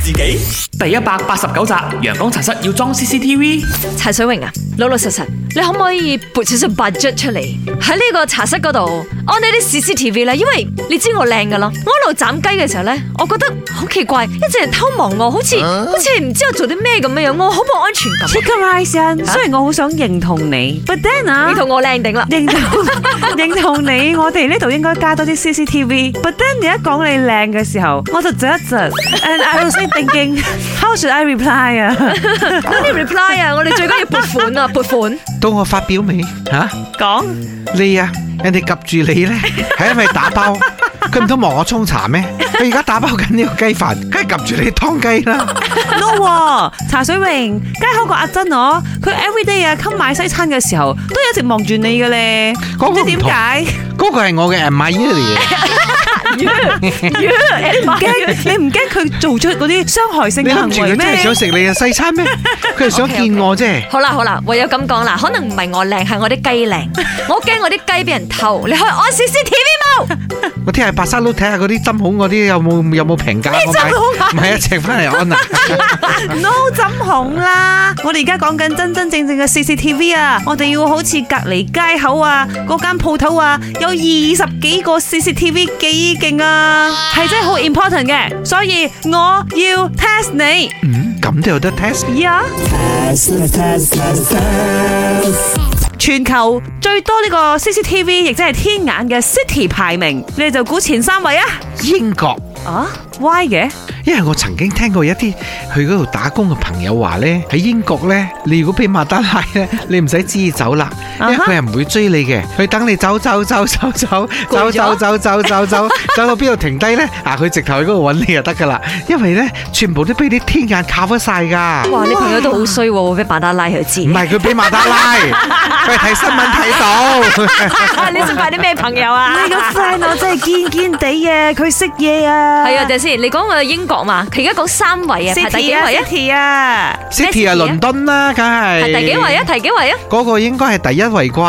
自己，第一百八十九集，陽光茶室要裝 CCTV。柴水榮啊，老老實實，你可唔可以撥少少 budget 出嚟喺呢個茶室嗰度安你啲 CCTV 咧？因為你知我靚噶啦，我一路斬雞嘅時候咧，我覺得好奇怪，一直人偷望我，好似、啊、好似唔知道我做啲咩咁樣樣，我好冇安全感。Take rise，所以，雖然我好想認同你，But then 係你同我靚定啦，認同 認同你，我哋呢度應該加多啲 CCTV。 but then 你一講你靚嘅時候，我就窒一窒。 I was thinking. How should I reply 啊？你要 reply 啊？我哋最緊要撥款啊，撥款。到我發表未？吓？講你啊，人哋夾住你咧，係因為打包？佢唔通望我沖茶咩？佢而家打包緊呢個雞飯，梗係夾住你湯雞啦。No，茶水榮，街口個阿珍我。佢 every day 啊，come 買西餐嘅時候，都一直望住你嘅咧。唔知點解？嗰個係我嘅阿米嚟。你唔驚，你唔驚佢做出嗰啲傷害性嘅行為咩？佢想食你嘅西餐咩？佢係 想見 okay, okay. 我啫。好啦好啦，唯有咁講啦。可能唔係我靚，係我啲雞靚。 我驚我啲雞俾人偷。你去安 CCTV 冇？我聽日白沙路睇下嗰啲針孔嗰啲有冇，有冇平價？針孔啊，唔係一齊翻嚟安啊。No 針孔啦！我哋而家講緊真真正正嘅 CCTV 啊！我哋要好似隔籬街口啊，嗰間鋪頭啊，有二十幾個 CCTV 記。勁啊，係真係好 important 嘅，所以我要 test 你。嗯，咁都有得 test 呀？Yeah? 全球最多呢個 CCTV，亦即係天眼嘅 City 排名，你哋就估前三位國啊？英國啊？Why 嘅？因為我曾經聽過一啲去嗰度打工嘅朋友話咧，喺英國咧，你如果俾馬達拉咧，你唔使知走啦，因為佢係唔會追你嘅，佢等你走走走走了走走走走走走，走到邊度停低咧， 啊，佢直頭喺嗰度揾你就得噶啦，因為咧，全部都俾啲天眼 cover 晒噶。哇，你朋友都好衰，俾馬達拉又知。唔係佢俾馬達拉，佢睇 新聞睇到。 你識啲咩朋友啊？你個細佬真係堅堅地嘅，佢識嘢啊。係啊， 鄭先。你講我英國嘛？佢而家講三位啊，係第幾位啊？City 啊，London 啦，梗係。係第幾位啊？第幾位啊？嗰個應該係第一位啩？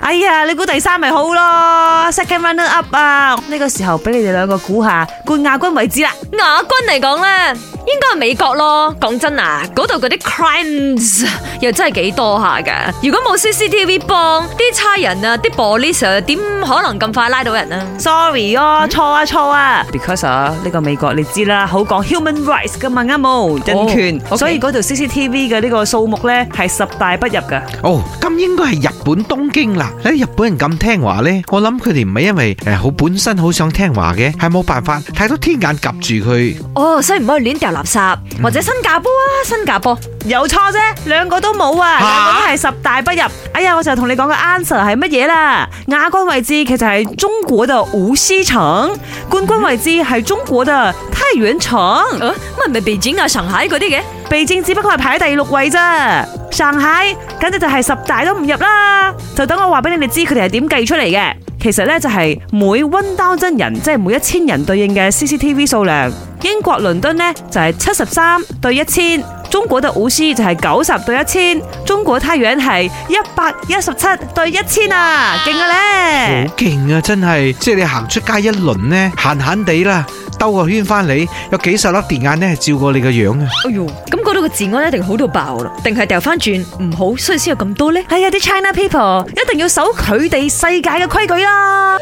哎呀，你估第三咪好咯？Second runner up 啊！呢個時候俾你哋兩個估下冠亞軍位置啦，亞軍嚟講啦。應該係美國咯，講真啊，嗰度嗰啲 crimes 又真係幾多下噶。如果冇 CCTV 幫，啲差人啊，啲 police 點可能咁快拉到人啊？Sorry，錯啊錯啊，because 呢個美國你知啦，好講 human rights 噶嘛啱冇人權，所以嗰度 CCTV 嘅呢個數目咧係十大不入噶。哦，咁應該係入。日本東京啦，啲日本人咁聽話咧，我諗佢哋唔係因為誒好本身好想聽話嘅，係冇辦法，太多天眼夾住佢。哦，所以唔可以亂掉垃圾。嗯、或者新加坡啊，新加坡有錯啫，兩個都冇啊，兩個都係十大不入。啊、哎呀，我就同你講個 answer 係乜嘢啦？亞軍位置其實係中國嘅無錫城，冠軍位置係中國嘅太原城。乜咪變轉啊 ia，上海嗰啲嘅？被證只不過係排喺第六位啫。上海，簡直就係十大都唔入啦。就等我話俾你哋知，佢哋係點計出嚟嘅。其實呢，就係每 one thousand 人，即係每一千人對應嘅 CCTV 數量。英國倫敦呢，就係七十三對一千，中國嘅奧斯就係九十對一千，中國太陽係一百一十七對一千啊，勁啊咧！好勁啊，真係，即係你行出街一輪呢，閒閒地啦，兜個圈翻嚟，有幾十粒電眼呢，係照過你個樣啊！哎喲，嗰度個治安一定好到爆啦，定係掉翻轉唔好，所以先有咁多呢。係、哎、啊，啲 China people 一定要守佢哋世界嘅規矩啊！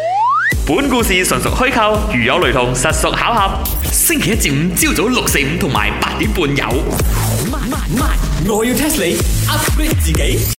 本故事純屬虛構，如有雷同，實屬巧合。星期一至五朝早六四五同埋八點半有。我要 test 你，upgrade、啊、自己。